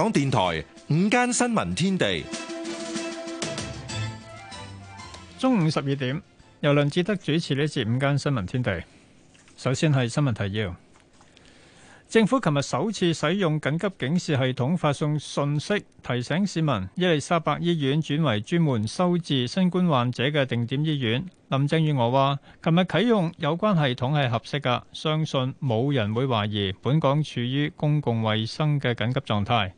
港電台午間新聞天地，中午十二點由梁志德主持呢節午間新聞天地。首先係新聞提要：政府琴日首次使用緊急警示系統發送信息，提醒市民。伊利沙伯醫院轉為專門收治新冠患者嘅定點醫院。林鄭月娥話：琴日啟用有關系統係合適㗎，相信冇人會懷疑本港處於公共衛生嘅緊急狀態。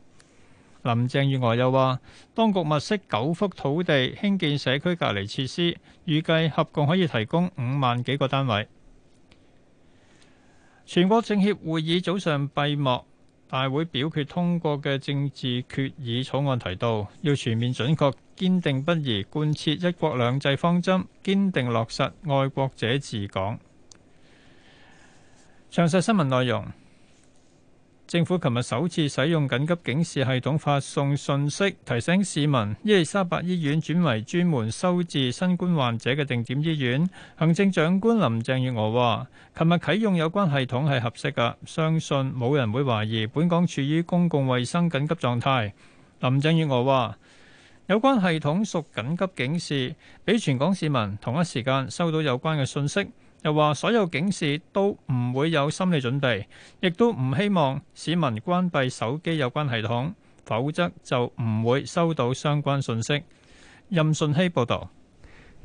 林鄭月娥又話：當局物色九幅土地，興建社區隔離設施，預計合共可以提供五萬幾個單位。全國政協會議早上閉幕，大會表決通過嘅政治決議草案，提到要全面準確、堅定不移貫徹一國兩制方針，堅定落實愛國者治港。詳細新聞內容。政府琴日首次使用緊急警示系統發送信息，提醒市民伊利沙伯醫院轉為專門收治新冠患者嘅定點醫院。行政長官林鄭月娥話，琴日啟用有關系統係合適噶，相信冇人會懷疑本港處於公共衛生緊急狀態。林鄭月娥話有關系統屬緊急警示，俾全港市民同一時間收到有關嘅信息。又話所有警示都唔會有心理準備，亦都唔希望市民關閉手機有關系統，否則就唔會收到相關信息。任信希報導。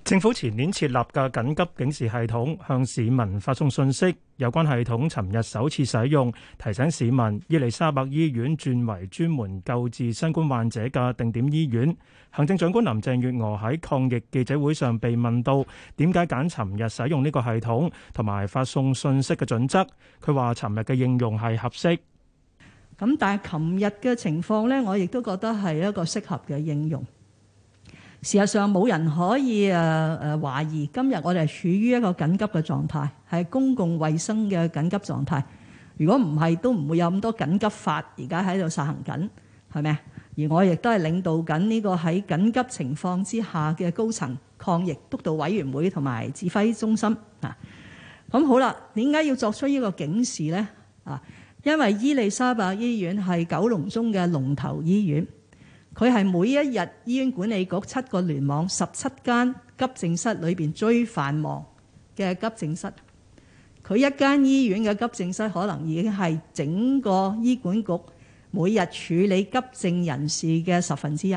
政府前年設立嘅緊急警示系統向市民發送信息，有關系統尋日首次使用，提醒市民伊利沙伯醫院轉為專門救治新冠患者嘅定點醫院。行政長官林鄭月娥喺抗疫記者會上被問到，點解揀尋日使用呢個系統同埋發送信息嘅準則？佢話尋日嘅應用係合適。咁但係尋日嘅情況呢，我亦都覺得係一個適合嘅應用。事實上冇人可以誒誒、呃呃、懷疑，今日我哋係處於一個緊急嘅狀態，係公共衛生嘅緊急狀態。如果唔係，都唔會有咁多緊急法而家喺度實行緊，係咪？而我亦都係領導緊呢個喺緊急情況之下嘅高層抗疫督導委員會同埋指揮中心啊。咁好啦，點解要作出呢個警示咧？啊，因為伊利沙伯醫院係九龍中嘅龍頭醫院。佢係每一日醫院管理局七個聯網十七間急症室裏面最繁忙嘅急症室。佢一間醫院嘅急症室可能已經係整個醫管局每日處理急症人士嘅十分之一。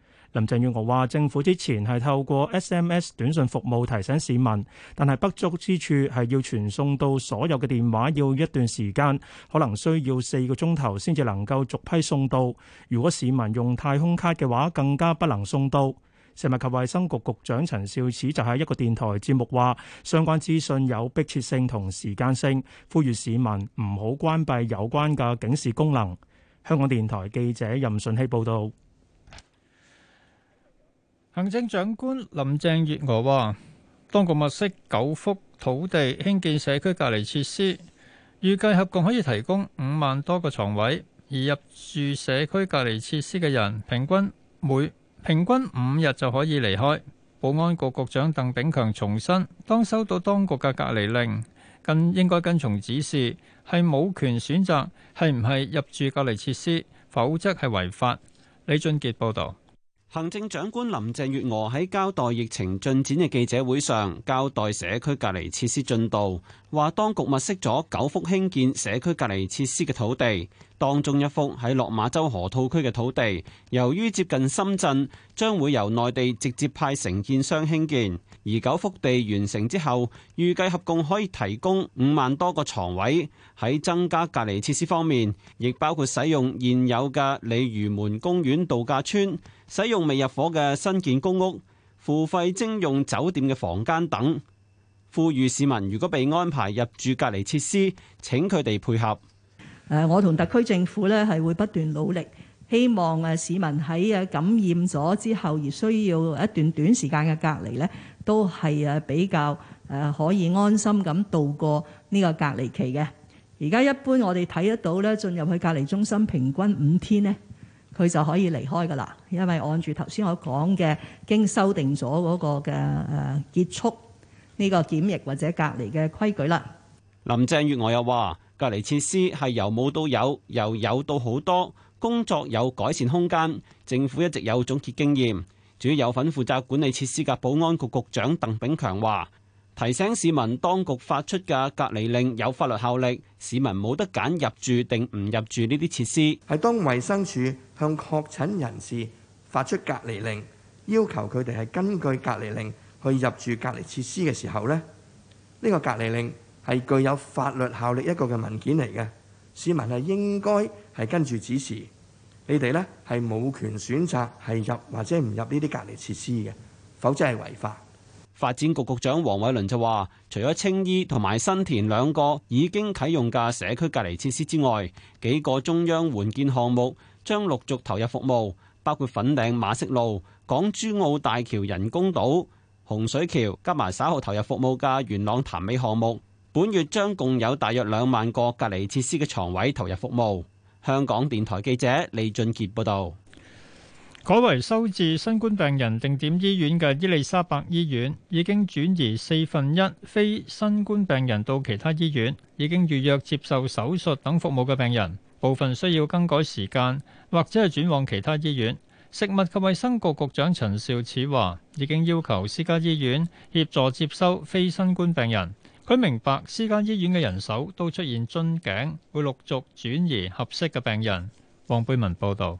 林鄭月娥話：政府之前係透過 SMS 短信服務提醒市民，但係不足之處係要傳送到所有嘅電話要一段時間，可能需要四個鐘頭先至能夠逐批送到。如果市民用太空卡嘅話，更加不能送到。食物及衛生局局長陳肇始就喺一個電台節目話：相關資訊有迫切性同時間性，呼籲市民唔好關閉有關嘅警示功能。香港電台記者任順希報導。行政長官林鄭月娥話，當局物色九幅土地興建社區隔離設施，預計合共可以提供五萬多個床位。而入住社區隔離設施嘅人，平均每平均五日就可以離開。保安局局長鄧炳強重申，當收到當局嘅隔離令，更應該跟從指示，係冇權選擇係唔係入住隔離設施，否則係違法。李俊杰報道。行政長官林鄭月娥喺交代疫情進展嘅記者會上，交代社區隔離設施進度，話當局物色咗九幅興建社區隔離設施嘅土地，當中一幅喺落馬洲河套區嘅土地，由於接近深圳，將會由內地直接派承建商興建。而九幅地完成之後，預計合共可以提供五萬多個床位。喺增加隔離設施方面，亦包括使用現有嘅鯉魚門公園度假村。使用未入伙嘅新建公屋、付費徵用酒店嘅房間等，呼籲市民如果被安排入住隔離設施，請佢哋配合。誒，我同特區政府咧係會不斷努力，希望誒市民喺誒感染咗之後而需要一段短時間嘅隔離咧，都係誒比較誒可以安心咁度過呢個隔離期嘅。而家一般我哋睇得到咧，進入去隔離中心平均五天咧，佢就可以離開㗎啦，因為按住頭先我講嘅經修訂咗嗰個嘅誒結束呢個檢疫或者隔離嘅規矩啦。林鄭月娥又話：隔離設施係由冇到有，由有到好多，工作有改善空間。政府一直有總結經驗。主要有份負責管理設施嘅保安局局長鄧炳強話。提醒市民，當局發出嘅隔離令有法律效力，市民冇得揀入住定唔入住呢啲設施。係當衞生署向確診人士發出隔離令，要求佢哋係根據隔離令去入住隔離設施嘅時候咧，呢個隔離令係具有法律效力一個嘅文件嚟嘅。市民係應該係跟住指示，你哋呢係冇權選擇係入或者唔入呢啲隔離設施嘅，否則係違法。發展局局長黃偉綸就話，除咗青衣同埋新田兩個已經啟用嘅社區隔離設施之外，幾個中央援建項目將陸續投入服務，包括粉嶺馬適路、港珠澳大橋人工島、洪水橋，加埋稍後投入服務嘅元朗潭尾項目。本月將共有大約兩萬個隔離設施嘅床位投入服務。香港電台記者李俊杰報道。改為收治新冠病人定點醫院嘅伊利沙伯醫院已經轉移四分一非新冠病人到其他醫院，已經預約接受手術等服務嘅病人，部分需要更改時間或者係轉往其他醫院。食物及衛生局局長陳肇始話：已經要求私家醫院協助接收非新冠病人。佢明白私家醫院嘅人手都出現樽頸，會陸續轉移合適嘅病人。黃貝文報導。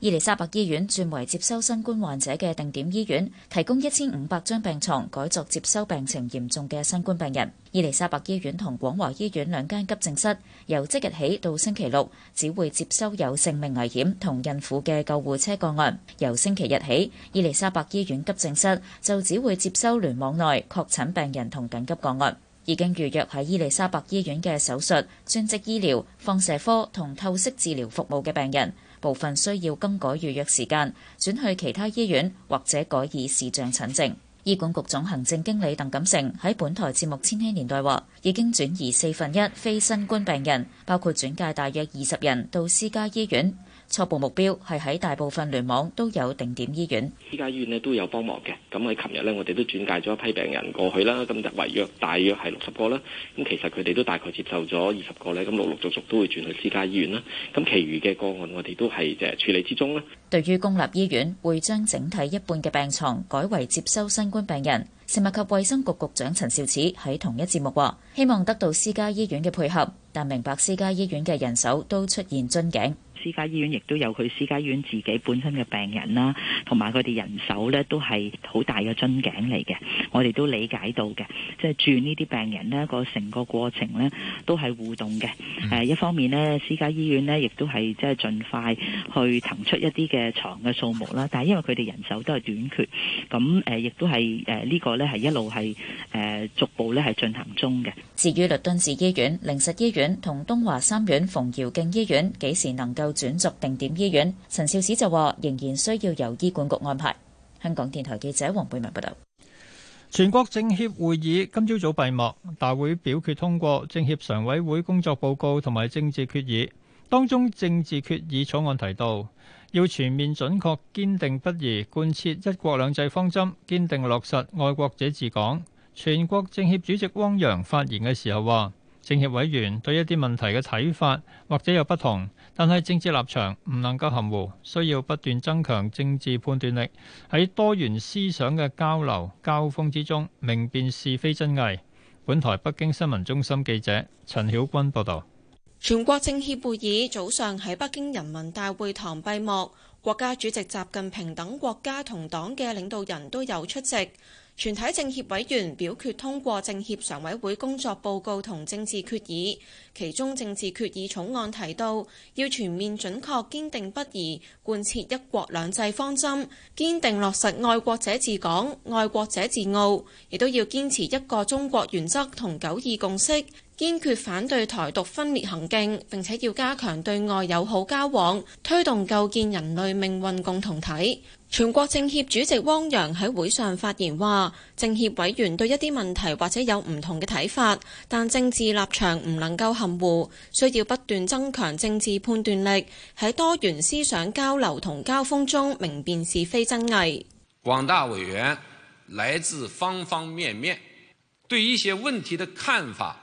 伊利沙伯醫院轉為接收新冠患者嘅定點醫院，提供一千五百張病床，改作接收病情嚴重嘅新冠病人。伊利沙伯醫院同廣華醫院兩間急症室，由即日起到星期六只會接收有性命危險同孕婦嘅救護車個案。由星期日起，伊利沙伯醫院急症室就只會接收聯網內確診病人同緊急個案。已經預約喺伊利沙伯醫院嘅手術、專職醫療、放射科同透析治療服務嘅病人，部分需要更改預約時間，轉去其他醫院或者改以視像診症。醫管局總行政經理鄧錦成喺本台節目《千禧年代》話，已經轉移四分一非新冠病人，包括轉介大約二十人到私家醫院。初步目標係喺大部分聯網都有定點醫院。私家醫院咧都有幫忙嘅。咁喺琴日呢，我哋都轉介咗一批病人過去啦。咁就圍約大約係六十個啦。咁其實佢哋都大概接受咗二十個咧。咁陸陸續續都會轉去私家醫院啦。咁，其餘嘅個案我哋都係即係處理之中啦。對於公立醫院會將整體一半嘅病床改為接收新冠病人，食物及衛生局局長陳肇始喺同一節目話：希望得到私家醫院嘅配合，但明白私家醫院嘅人手都出現樽頸。私家醫院亦都有佢私家醫院自己本身嘅病人啦，同埋佢哋人手呢都係好大嘅樽頸嚟嘅，我哋都理解到嘅。即係轉呢啲病人呢個成個過程呢都係互動嘅。誒一方面呢，私家醫院呢亦都係即係盡快去騰出一啲嘅牀嘅數目啦。但係因為佢哋人手都係短缺，咁誒亦都係誒呢個呢係一路係誒逐步呢係進行中嘅。至於律敦治醫院、靈實醫院同東華三院馮堯敬醫院幾時能夠轉作定點醫院，陳肇始就話仍然需要由醫管局安排。香港電台記者黃貝文報道。全國政協會議今朝早閉幕，大會表決通過政協常委會工作報告同埋政治決議。當中政治決議草案提到，要全面準確、堅定不移貫徹一國兩制方針，堅定落實愛國者治港。全國政協主席汪洋發言嘅時候話，政協委員對一啲問題嘅睇法，或者有不同。但係政治立場唔能夠含糊，需要不斷增強政治判斷力，喺多元思想嘅交流交鋒之中，明辨是非真偽。本台北京新聞中心記者陳曉君報道。全國政協會議早上喺北京人民大會堂閉幕，國家主席習近平等國家同黨嘅領導人都有出席。全體政協委員表決通過政協常委會工作報告同政治決議，其中政治決議草案提到，要全面準確、堅定不移貫徹一國兩制方針，堅定落實愛國者治港、愛國者治澳，亦都要堅持一個中國原則同九二共識。堅決反對台獨分裂行徑，並且要加強對外友好交往，推動構建人類命運共同體。全國政協主席汪洋喺會上發言話：政協委員對一啲問題或者有唔同嘅睇法，但政治立場唔能夠含糊，需要不斷增強政治判斷力，喺多元思想交流同交鋒中明辨是非真偽。廣大委員來自方方面面，對一些問題的看法。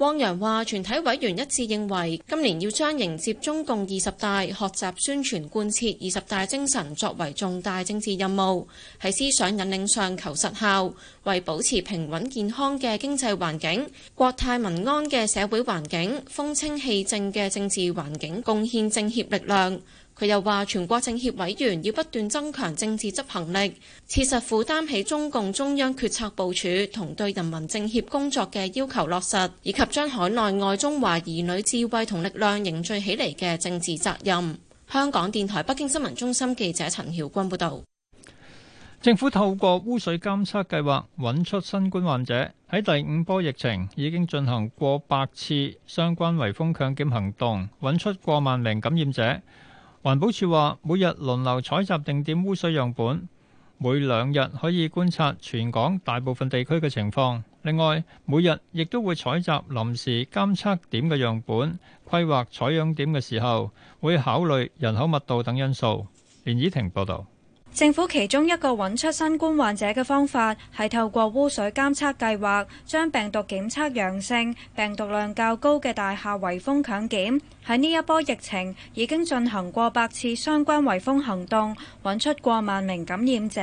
汪洋話，全體委員一致認為，今年要將迎接中共二十大、學習宣傳貫徹二十大精神作為重大政治任務，喺思想引領上求實效，為保持平穩健康嘅經濟環境、國泰民安嘅社會環境、風清氣正嘅政治環境，貢獻政協力量。佢又話：全國政協委員要不斷增強政治執行力，切實負擔起中共中央決策部署同對人民政協工作嘅要求落實，以及將海內外中華兒女智慧同力量凝聚起嚟嘅政治責任。香港電台北京新聞中心記者陳曉君報道。政府透過污水監測計劃揾出新冠患者，喺第五波疫情已經進行過百次相關圍封強檢行動，揾出過萬名感染者。環保署話，每日輪流採集定點污水樣本，每兩日可以觀察全港大部分地區嘅情況。另外，每日亦都會採集臨時監測點嘅樣本。規劃採樣點嘅時候，會考慮人口密度等因素。連綺婷報道。政府其中一個揾出新冠患者嘅方法，係透過污水監測計劃，將病毒檢測陽性、病毒量較高嘅大廈圍封強檢。喺呢一波疫情，已經進行過百次相關圍封行動，揾出過萬名感染者。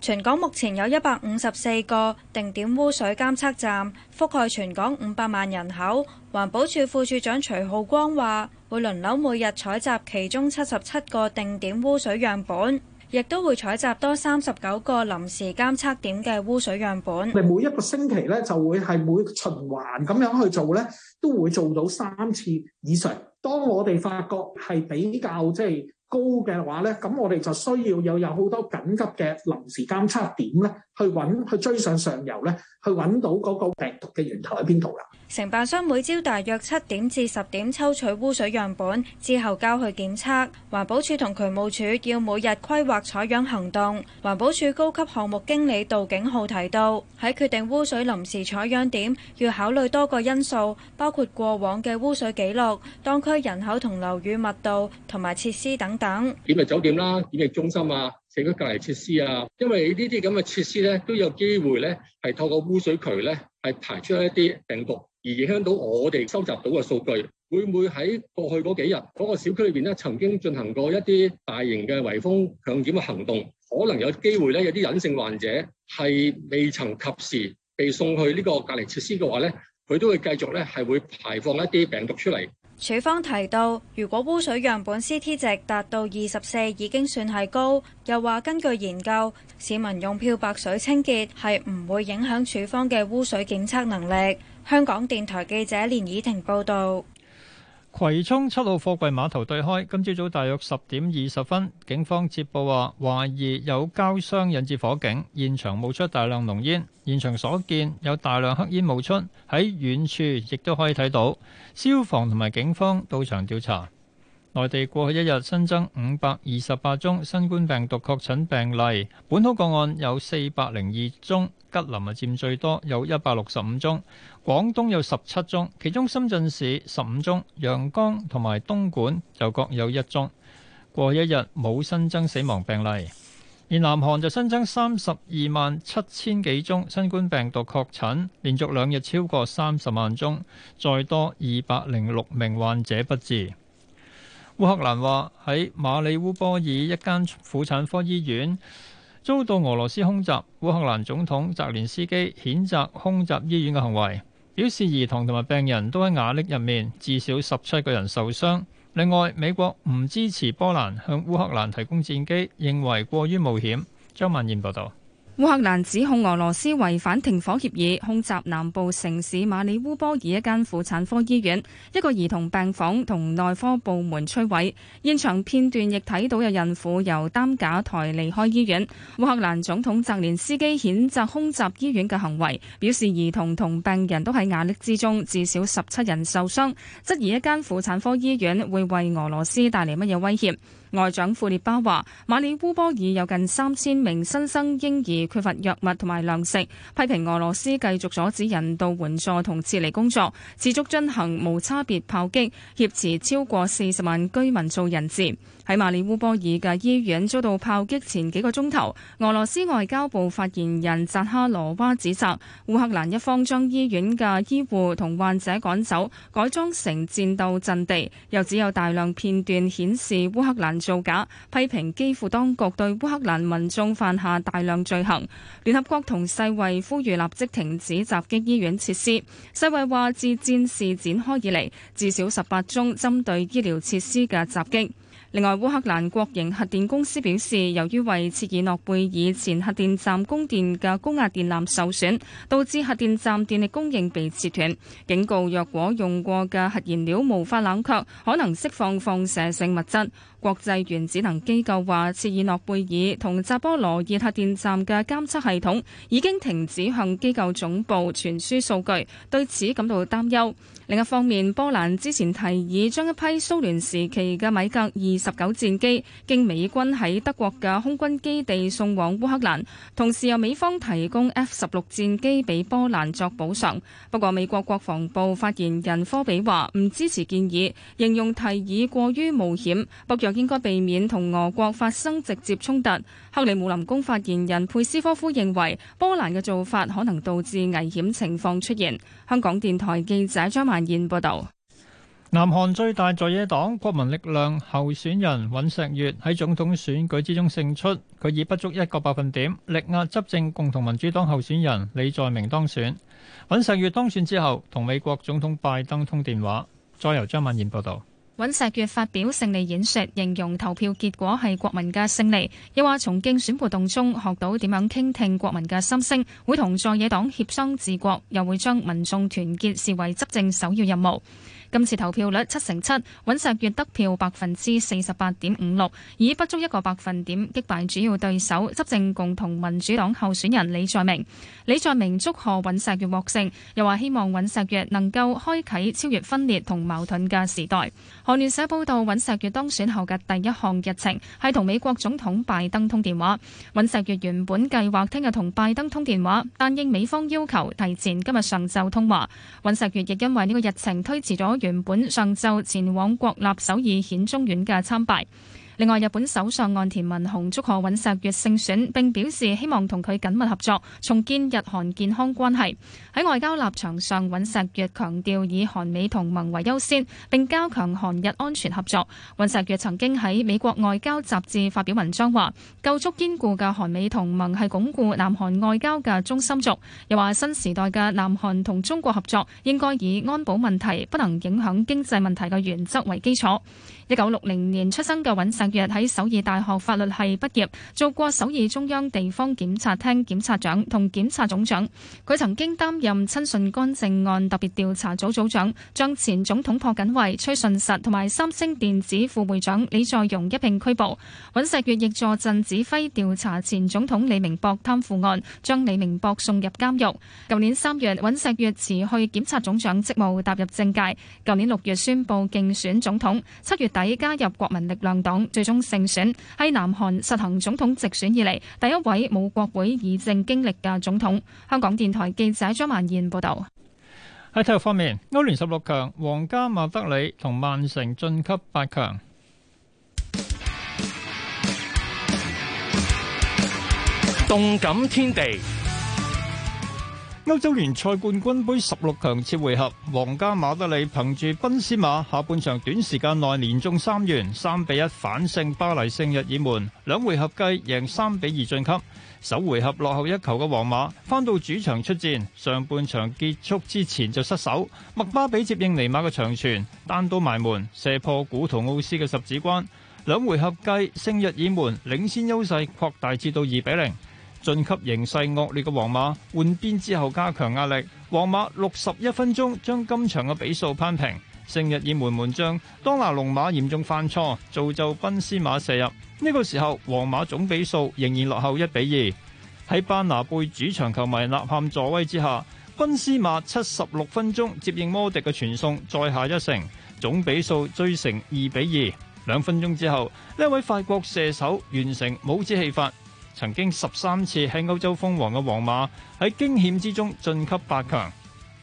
全港目前有一百五十四個定點污水監測站，覆蓋全港五百萬人口。環保署副署長徐浩光話，會輪流每日採集其中七十七個定點污水樣本。亦都會採集多三十九個臨時監測點嘅污水樣本。你每一個星期咧，就會係每循環咁樣去做咧，都會做到三次以上。當我哋發覺係比較即係高嘅話咧，咁我哋就需要有有好多緊急嘅臨時監測點咧，去揾去追上上游咧，去揾到嗰個病毒嘅源頭喺邊度啦。承辦商每朝大約七點至十點抽取污水樣本，之後交去檢測。環保署同渠務署要每日規劃採樣行動。環保署高級項目經理杜景浩提到，喺決定污水臨時採樣點，要考慮多個因素，包括過往嘅污水記錄、當區人口同樓宇密度、同埋設施等等。點係酒店啦，點係中心啊。佢個隔離設施啊，因為呢啲咁嘅設施咧都有機會咧係透過污水渠咧係排出一啲病毒，而影響到我哋收集到嘅數據。會唔會喺過去嗰幾日嗰個小區裏邊咧曾經進行過一啲大型嘅圍封強檢嘅行動？可能有機會咧有啲隱性患者係未曾及時被送去呢個隔離設施嘅話咧，佢都會繼續咧係會排放一啲病毒出嚟。署方提到，如果污水樣本 C T 值達到二十四，已經算係高。又話根據研究，市民用漂白水清潔係唔會影響署方嘅污水檢測能力。香港電台記者連以婷報導。葵涌七號貨櫃碼頭對開，今朝早大約十點二十分，警方接報話懷疑有膠箱引致火警，現場冒出大量濃煙，現場所見有大量黑煙冒出，喺遠處亦都可以睇到，消防同埋警方到場調查。內地過去一日新增五百二十八宗新冠病毒確診病例，本土個案有四百零二宗，吉林啊佔最多有一百六十五宗，廣東有十七宗，其中深圳市十五宗，陽江同埋東莞就各有一宗。過去一日冇新增死亡病例，而南韓就新增三十二萬七千幾宗新冠病毒確診，連續兩日超過三十萬宗，再多二百零六名患者不治。烏克蘭話喺馬里烏波爾一間婦產科醫院遭到俄羅斯空襲，烏克蘭總統澤連斯基譴責空襲醫院嘅行為，表示兒童同埋病人都喺瓦礫入面，至少十七個人受傷。另外，美國唔支持波蘭向烏克蘭提供戰機，認為過於冒險。張曼燕報道,道。烏克蘭指控俄羅斯違反停火協議空襲南部城市馬里烏波爾一間婦產科醫院，一個兒童病房同內科部門摧毀。現場片段亦睇到有孕婦由擔架抬離開醫院。烏克蘭總統澤連斯基譴責空襲醫院嘅行為，表示兒童同病人都喺瓦礫之中，至少十七人受傷，質疑一間婦產科醫院會為俄羅斯帶嚟乜嘢威脅。外長庫列巴話，馬里烏波爾有近三千名新生嬰兒缺乏藥物同埋糧食，批評俄羅斯繼續阻止人道援助同撤離工作，持續進行無差別炮擊，挾持超過四十萬居民做人質。喺馬里烏波爾嘅醫院遭到炮擊前幾個鐘頭，俄羅斯外交部發言人扎哈羅娃指責烏克蘭一方將醫院嘅醫護同患者趕走，改裝成戰鬥陣地。又指有大量片段顯示烏克蘭造假，批評基輔當局對烏克蘭民眾犯下大量罪行。聯合國同世衛呼籲立即停止襲擊醫院設施。世衛話，自戰事展開以嚟，至少十八宗針對醫療設施嘅襲擊。另外，烏克蘭國營核電公司表示，由於為切爾諾貝爾前核電站供電嘅高壓電纜受損，導致核電站電力供應被切斷。警告若果用過嘅核燃料無法冷卻，可能釋放放射性物質。國際原子能機構話，切爾諾貝爾同扎波羅熱核電站嘅監測系統已經停止向機構總部傳輸數據，對此感到擔憂。另一方面，波蘭之前提議將一批蘇聯時期嘅米格二十九戰機經美軍喺德國嘅空軍基地送往烏克蘭，同時由美方提供 F 十六戰機俾波蘭作補償。不過美國國防部發言人科比話唔支持建議，形容提議過於冒險，北約應該避免同俄國發生直接衝突。克里姆林宮發言人佩斯科夫認為波蘭嘅做法可能導致危險情況出現。香港電台記者張曼燕報道。南韓最大在野黨國民力量候選人尹錫悅喺總統選舉之中勝出，佢以不足一個百分點力壓執政共同民主黨候選人李在明當選。尹錫悅當選之後，同美國總統拜登通電話。再由張曼燕報道。尹錫悅發表勝利演說，形容投票結果係國民嘅勝利，又話從競選活動中學到點樣傾聽國民嘅心聲，會同在野黨協商治國，又會將民眾團結視為執政首要任務。今次投票率七成七，尹錫悅得票百分之四十八點五六，以不足一個百分點擊敗主要對手執政共同民主黨候選人李在明。李在明祝賀尹錫悅獲勝，又話希望尹錫悅能夠開啓超越分裂同矛盾嘅時代。韓聯社報道，尹錫悅當選後嘅第一項日程係同美國總統拜登通電話。尹錫悅原本計劃聽日同拜登通電話，但應美方要求提前今日上晝通話。尹錫悅亦因為呢個日程推遲咗。原本上晝前往國立首爾顯忠院嘅參拜。另外，日本首相岸田文雄祝賀尹錫悦勝選，並表示希望同佢緊密合作，重建日韓健康關係。喺外交立場上，尹錫悦強調以韓美同盟為優先，並加強韓日安全合作。尹錫悦曾經喺美國外交雜誌發表文章，話構築堅固嘅韓美同盟係鞏固南韓外交嘅中心軸，又話新時代嘅南韓同中國合作應該以安保問題不能影響經濟問題嘅原則為基礎。一九六零年出生嘅尹錫月喺首爾大學法律系畢業，做過首爾中央地方檢察廳檢察長同檢察總長。佢曾經擔任親信干政案特別調查組組長，將前總統朴槿惠、崔順實同埋三星電子副會長李在容一並拘捕。尹石月亦坐鎮指揮調查前總統李明博貪腐案，將李明博送入監獄。舊年三月，尹石月辭去檢察總長職務，踏入政界。舊年六月宣布競選總統，七月底加入國民力量黨。最終勝選，係南韓實行總統直選以嚟，第一位冇國會議政經歷嘅總統。香港電台記者張曼燕報道。喺體育方面，歐聯十六強，皇家馬德里同曼城晉級八強。動感天地。歐洲聯賽冠軍盃十六強次回合，皇家馬德里憑住賓斯馬下半場短時間內連中三元，三比一反勝巴黎聖日耳門，兩回合計贏三比二晉級。首回合落後一球嘅皇馬，返到主場出戰，上半場結束之前就失手。麥巴比接應尼馬嘅長傳，單刀埋門射破古圖奧斯嘅十指關，兩回合計聖日耳門領先優勢擴大至到二比零。晉級形勢惡劣嘅皇馬換邊之後加強壓力，皇馬六十一分鐘將今場嘅比數攀平，聖日耳門門將，當拿龍馬嚴重犯錯，造就賓斯馬射入。呢個時候，皇馬總比數仍然落後一比二。喺班拿貝主場球迷吶喊助威之下，賓斯馬七十六分鐘接應摩迪嘅傳送，再下一城，總比數追成二比二。兩分鐘之後，呢位法國射手完成帽子戲法。曾經十三次喺歐洲封王嘅皇馬喺驚險之中晉級八強。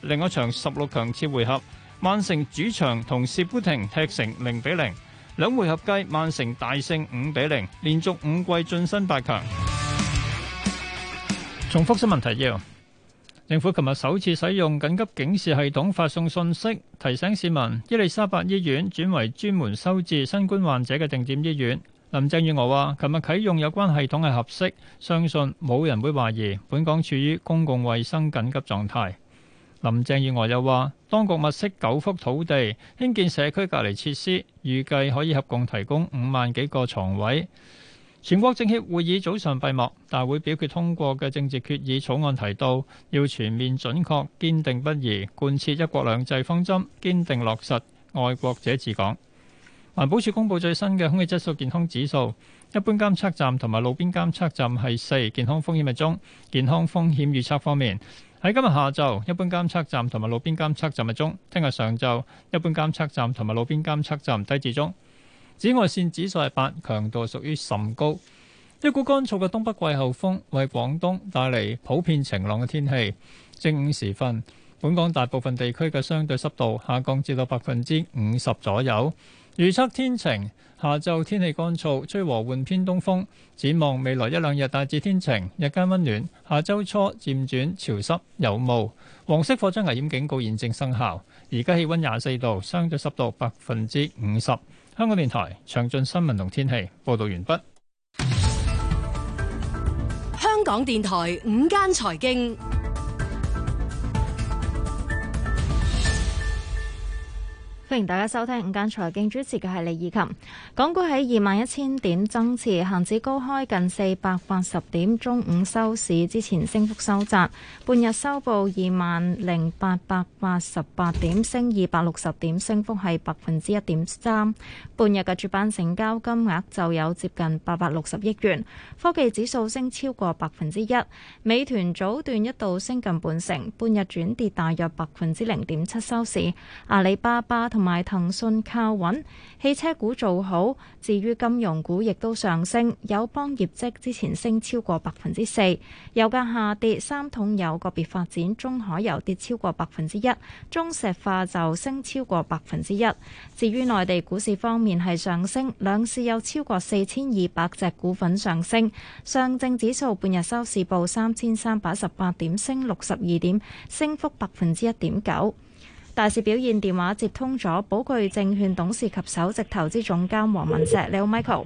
另一場十六強次回合，曼城主場同斯普廷踢成零比零，兩回合計曼城大勝五比零，連續五季晉身八強。重複新聞提要：政府琴日首次使用緊急警示系統發送信息，提醒市民伊利沙伯醫院轉為專門收治新冠患者嘅定點醫院。林鄭月娥話，琴日啟用有關系統係合適，相信冇人會懷疑本港處於公共衛生緊急狀態。林鄭月娥又話，當局物色九幅土地興建社區隔離設施，預計可以合共提供五萬幾個床位。全國政協會議早上閉幕，大會表決通過嘅政治決議草案提到，要全面準確、堅定不移貫徹一國兩制方針，堅定落實愛國者治港。環保署公布最新嘅空氣質素健康指數，一般監測站同埋路邊監測站係四，健康風險係中。健康風險預測方面，喺今日下午，一般監測站同埋路邊監測站係中；聽日上午，一般監測站同埋路邊監測站低至中。紫外線指數係八，強度屬於甚高。一股乾燥嘅東北季候風為廣東帶嚟普遍晴朗嘅天氣。正午時分，本港大部分地區嘅相對濕度下降至到百分之五十左右。預測天晴，下晝天氣乾燥，吹和緩偏東風。展望未來一兩日大致天晴，日間温暖。下周初漸轉潮濕有霧。黃色火災危險警告現正生效。而家氣溫廿四度，相對濕度百分之五十。香港電台詳盡新聞同天氣報道完畢。香港電台午間財經。歡迎大家收聽午間財經，主持嘅係李以琴。港股喺二萬一千點增持，恒指高開近四百八十點，中午收市之前升幅收窄，半日收報二萬零八百八十八點升，升二百六十點，升幅係百分之一點三。半日嘅主板成交金額就有接近八百六十億元。科技指數升超過百分之一，美團早段一度升近半成，半日轉跌大約百分之零點七收市。阿里巴巴。同埋騰訊靠穩，汽車股做好。至於金融股亦都上升，友邦業績之前升超過百分之四。油價下跌，三桶油個別發展，中海油跌超過百分之一，中石化就升超過百分之一。至於內地股市方面係上升，兩市有超過四千二百隻股份上升，上證指數半日收市報三千三百十八點，升六十二點，升幅百分之一點九。大市表現電話接通咗，寶鉅證券董事及首席投資總監黃敏碩，你好 Michael，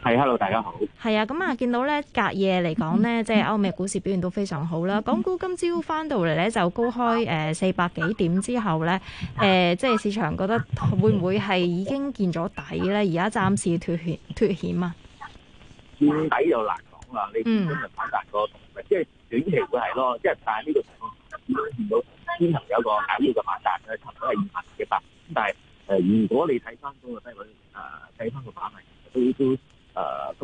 係、hey，hello，大家好，係啊，咁啊，見到咧隔夜嚟講呢，即係歐美股市表現都非常好啦。港股今朝返到嚟咧就高開誒四百幾點之後咧，誒即係市場覺得會唔會係已經見咗底咧？而家暫時脱險脱險啊？見底又難講啦，你過嗯好難講嘅，即係短期會係咯，即係但係呢個情況見唔到。先有個緊要嘅反彈，佢差唔多係二萬幾百。咁但係，誒如果你睇翻嗰個低位，誒睇翻個反彈，其實都都誒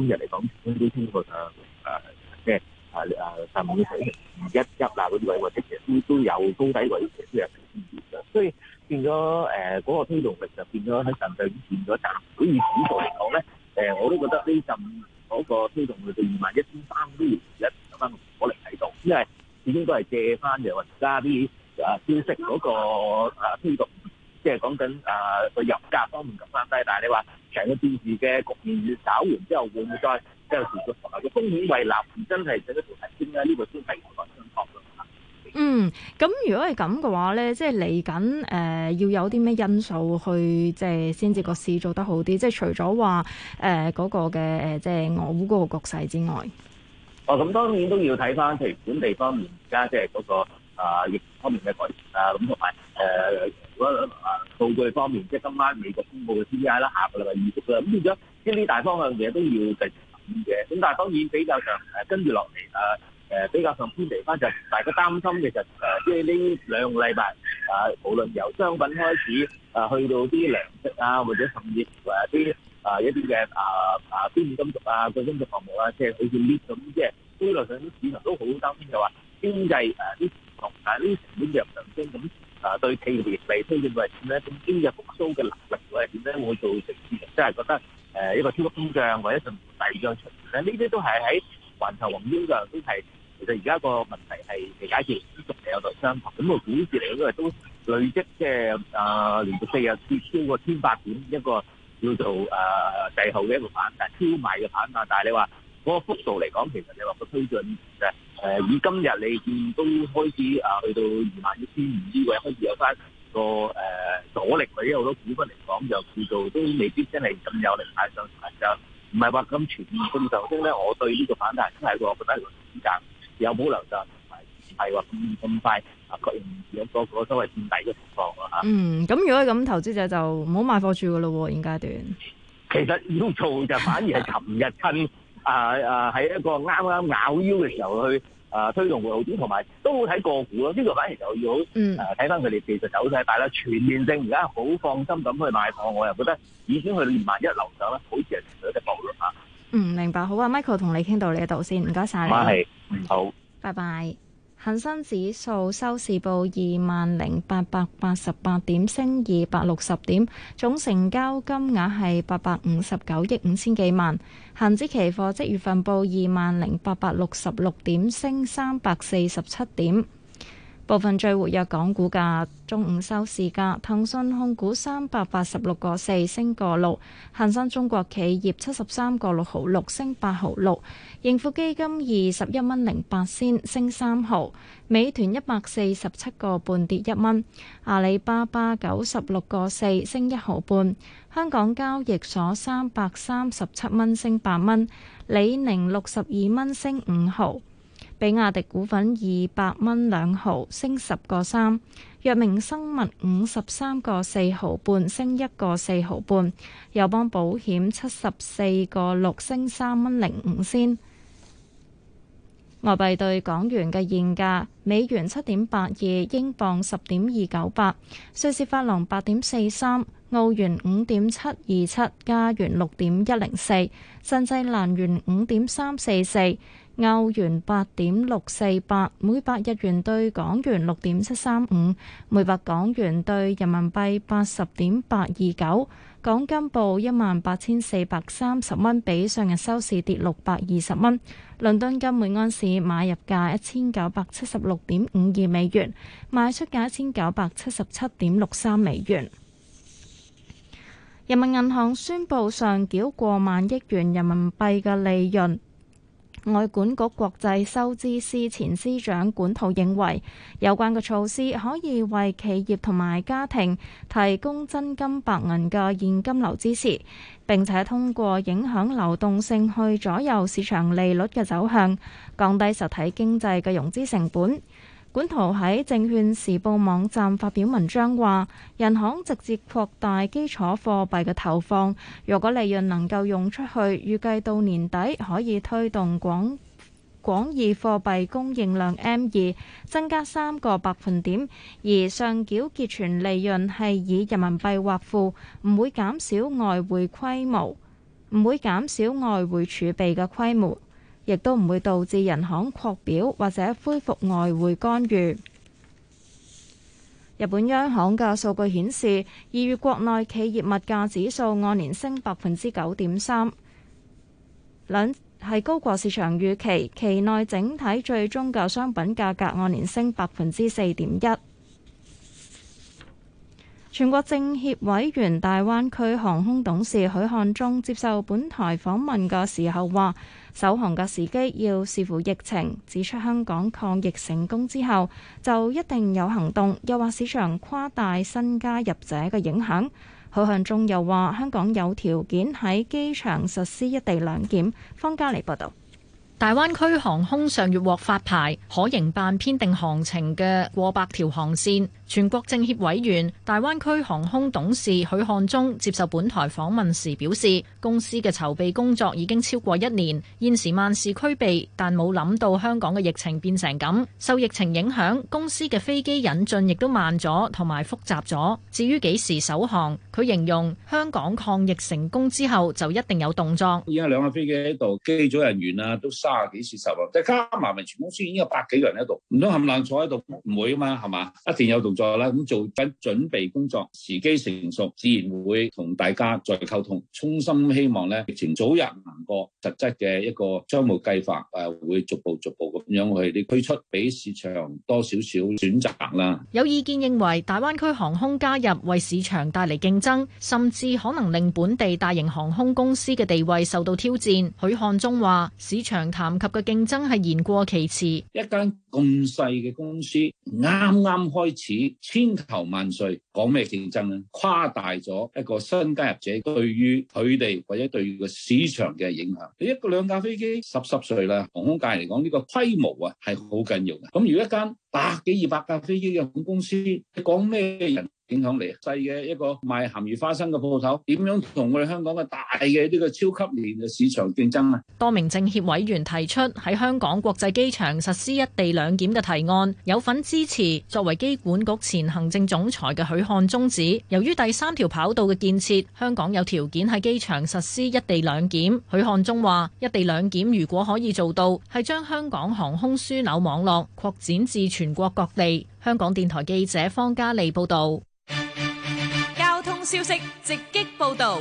今日嚟講，都通過誒誒即係誒誒上半段二一一啦嗰啲位，或者其實都都有高低位其實都有。所以變咗誒嗰個推動力就變咗喺上半段變咗淡。如果以整數嚟講咧，誒我都覺得呢陣嗰個推動力二萬一千三都仍然有翻我嚟睇到，因為始終都係借翻嘅話，加啲。啊！消息嗰個啊推動，即係講緊啊個油價方面咁翻低，但係你話成個政治嘅局面搞完之後，會唔會再即係持續？同埋個風險圍立，真係整得部頭先呢？呢個先係我講嘅。嗯，咁如果係咁嘅話咧，即係嚟緊誒要有啲咩因素去即係先至個市做得好啲？即係除咗話誒嗰個嘅誒即係俄烏嗰個局勢之外，哦咁當然都要睇翻譬如本地方面而家即係嗰個。啊，疫方面嘅改善啊，咁同埋誒如果啊數據方面，即係今晚美國公布嘅 CPI 啦，下個禮拜二，預測啦，咁變咗，即係呢大方向嘢都要繼續留意嘅。咁但係當然比較上誒跟住落嚟啊誒比較上偏離翻，就大家擔心嘅就誒，即係呢兩禮拜啊，無論由商品開始啊，去到啲糧食啊，或者甚至乎誒啲啊一啲嘅啊啊邊種金屬啊個金屬項目啊，即係好似 lift 咁，即係趨向上啲市場都好擔心就話，經濟誒啲。同但係呢啲成本又上升咁啊，對企業盈利會係點咧？咁經濟復甦嘅能力會係點咧？我做投資人真係覺得誒一個超級通脹或者甚至第二張出現咧，呢啲都係喺環球宏觀上都係其實而家個問題係未解決，依然係有待商榷。咁個股市嚟講，因為都累積即係啊，連續四日跌超過千八點一個叫做啊滯後嘅一個反彈，超賣嘅反彈，但係你話嗰個幅度嚟講，其實你話個推進嘅。誒，以今日嚟見都開始啊，去到二萬一千五呢位開始有翻個誒阻力位，因為好多股份嚟講就叫做都未必真係咁有力派上嚟，就唔係話咁全面咁上升咧。我對呢個反彈真係，我覺得係個時間有保留，就唔係話咁咁快啊確認有個個都係見底嘅情況啊吓。嗯，咁如果係咁，投資者就唔好買貨住噶咯喎，現階段。其實要做就反而係尋日親。啊啊！喺、啊、一個啱啱咬腰嘅時候去啊推動會好啲，同埋都好睇個股咯。呢、這個反而就要好睇翻佢哋技術走勢，但、啊、係、嗯、全面性而家好放心咁去買貨，我又覺得已經去連萬一流走啦好似係成咗隻暴率嚇。嗯，明白好啊，Michael 同你傾到你一度先謝謝，唔該晒，唔係。唔好。拜拜。恒生指數收市報二萬零八百八十八點，升二百六十點，總成交金額係八百五十九億五千幾萬。恒指期貨即月份報二萬零八百六十六點，升三百四十七點。部分最活躍港股價，中午收市價：騰訊控股三百八十六個四，升個六；恆生中國企業七十三個六毫六，升八毫六；盈富基金二十一蚊零八仙，升三毫；美團一百四十七個半，跌一蚊；阿里巴巴九十六個四，升一毫半；香港交易所三百三十七蚊，升八蚊；李寧六十二蚊，升五毫。比亞迪股份二百蚊兩毫升十個三，藥明生物五十三個四毫半升一個四毫半，友邦保險七十四個六升三蚊零五仙。外幣對港元嘅現價：美元七點八二，英鎊十點二九八，瑞士法郎八點四三，澳元五點七二七，加元六點一零四，新西蘭元五點三四四。歐元八點六四八，每百日元對港元六點七三五，每百港元對人民幣八十點八二九。港金報一萬八千四百三十蚊，比上日收市跌六百二十蚊。倫敦金每安士買入價一千九百七十六點五二美元，賣出價一千九百七十七點六三美元。人民銀行宣布上繳過萬億元人民幣嘅利潤。外管局國際收支司前司長管濤認為，有關嘅措施可以為企業同埋家庭提供真金白銀嘅現金流支持，並且通過影響流動性去左右市場利率嘅走向，降低實體經濟嘅融資成本。本圖喺《證券時報》網站發表文章話，人行直接擴大基礎貨幣嘅投放，若果利潤能夠用出去，預計到年底可以推動廣廣義貨幣供應量 M 二增加三個百分點，而上繳結存利潤係以人民幣劃付，唔會減少外匯規模，唔會減少外匯儲備嘅規模。亦都唔會導致人行擴表或者恢復外匯干預。日本央行嘅數據顯示，二月國內企業物價指數按年升百分之九點三，兩係高過市場預期。期內整體最終嘅商品價格按年升百分之四點一。全國政協委員、大灣區航空董事許漢忠接受本台訪問嘅時候話，首航嘅時機要視乎疫情，指出香港抗疫成功之後就一定有行動。又話市場誇大新加入者嘅影響。許漢忠又話，香港有條件喺機場實施一地兩檢。方家麗報道。大灣區航空上月獲發牌，可營辦編定航程嘅過百條航線。全國政協委員、大灣區航空董事許漢忠接受本台訪問時表示，公司嘅籌備工作已經超過一年，現時萬事俱備，但冇諗到香港嘅疫情變成咁。受疫情影響，公司嘅飛機引進亦都慢咗同埋複雜咗。至於幾時首航，佢形容香港抗疫成功之後就一定有動作。而家兩架飛機喺度，機組人員啊都。卅幾四十啊！即係加埋民全公司已經有百幾個人喺度，唔通冚唪唥坐喺度唔會啊嘛，係嘛？一定有動作啦，咁做緊準備工作，時機成熟，自然會同大家再溝通。衷心希望咧疫情早日行過，實質嘅一個商務計劃誒，會逐步逐步咁樣去啲推出，俾市場多少少選擇啦。有意見認為大灣區航空加入為市場帶嚟競爭，甚至可能令本地大型航空公司嘅地位受到挑戰。許漢忠話市場談及嘅競爭係言過其詞，一間咁細嘅公司啱啱開始，千頭萬緒，講咩競爭啊？誇大咗一個新加入者對於佢哋或者對個市場嘅影響。你一個兩架飛機，十十歲啦，航空界嚟講呢個規模啊係好緊要嘅。咁如果一間百幾二百架飛機嘅公司，你講咩人？影響嚟細嘅一個賣鹹魚花生嘅鋪頭，點樣同我哋香港嘅大嘅呢個超級年嘅市場競爭啊！多名政協委員提出喺香港國際機場實施一地兩檢嘅提案，有份支持。作為機管局前行政總裁嘅許漢忠指，由於第三條跑道嘅建設，香港有條件喺機場實施一地兩檢。許漢忠話：一地兩檢如果可以做到，係將香港航空樞紐網絡擴展至全國各地。香港電台記者方嘉莉報道。交通消息直擊報道。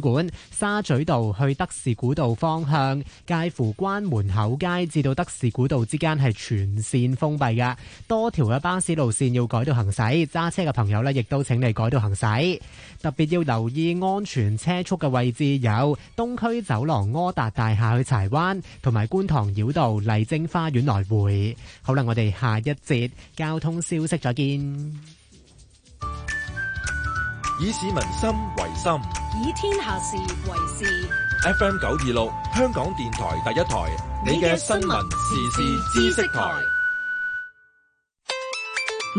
管沙咀道去德士古道方向，介乎關門口街至到德士古道之間係全綫封閉嘅，多條嘅巴士路綫要改到行駛，揸車嘅朋友呢亦都請你改到行駛。特別要留意安全車速嘅位置有東區走廊柯達大廈去柴灣，同埋觀塘繞道麗晶花園來回。好啦，我哋下一節交通消息再見。以市民心為心，以天下事為事。FM 九二六，香港電台第一台，你嘅新聞時事知識台。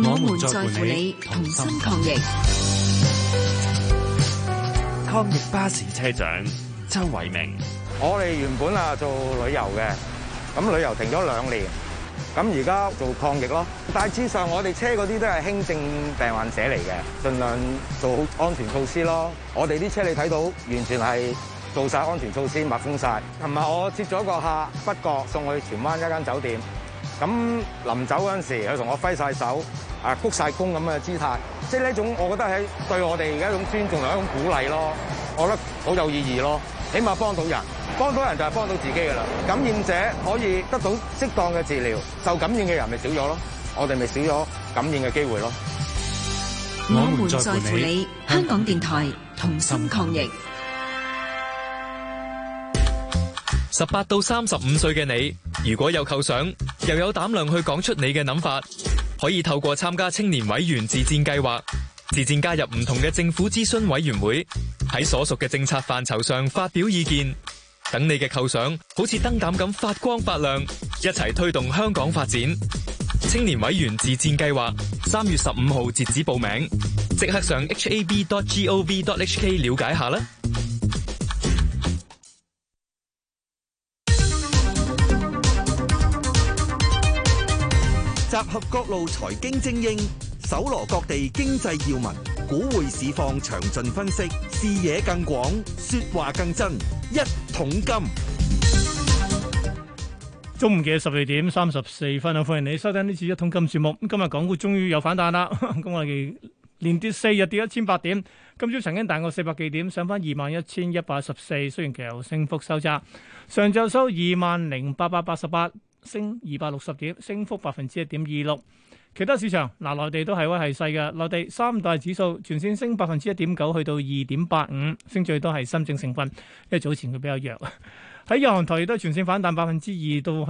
我們在乎你。同心抗疫。抗疫巴士車長周偉明我哋原本啊做旅遊嘅，咁旅遊停咗兩年。咁而家做抗疫咯，大致上，我哋車嗰啲都係輕症病患者嚟嘅，儘量做好安全措施咯。我哋啲車你睇到，完全係做曬安全措施，密封曬。同埋我接咗個客，北角送去荃灣一間酒店。咁臨走嗰陣時，佢同我揮曬手，啊鞠曬躬咁嘅姿態，即係呢一種，我覺得係對我哋而家一種尊重同一種鼓勵咯。我覺得好有意義咯。起碼幫到人，幫到人就係幫到自己噶啦。感染者可以得到適當嘅治療，受感染嘅人咪少咗咯，我哋咪少咗感染嘅機會咯。我們在乎你，香港電台同心抗疫。十八到三十五歲嘅你，如果有構想，又有膽量去講出你嘅諗法，可以透過參加青年委員自薦計劃。自薦加入唔同嘅政府諮詢委員會，喺所屬嘅政策範疇上發表意見，等你嘅構想好似燈膽咁發光發亮，一齊推動香港發展。青年委員自薦計劃，三月十五號截止報名，即刻上 hab.gov.hk 了解下啦！集合各路財經精英。搜羅各地經濟要聞，股匯市況詳盡分析，視野更廣，說話更真。一桶金，中午嘅十二點三十四分，歡迎你收聽呢次一桶金節目。今日港股終於有反彈啦，咁我哋連跌四日，跌一千八點，今朝曾經彈過四百幾點，上翻二萬一千一百十四，雖然其實有升幅收窄，上晝收二萬零八百八十八，升二百六十點，升幅百分之一點二六。其他市場嗱，內地都係威係細嘅，內地三大指數全線升百分之一點九，去到二點八五，升最多係深證成分，因為早前佢比較弱，喺日韓台亦都全線反彈百分之二到。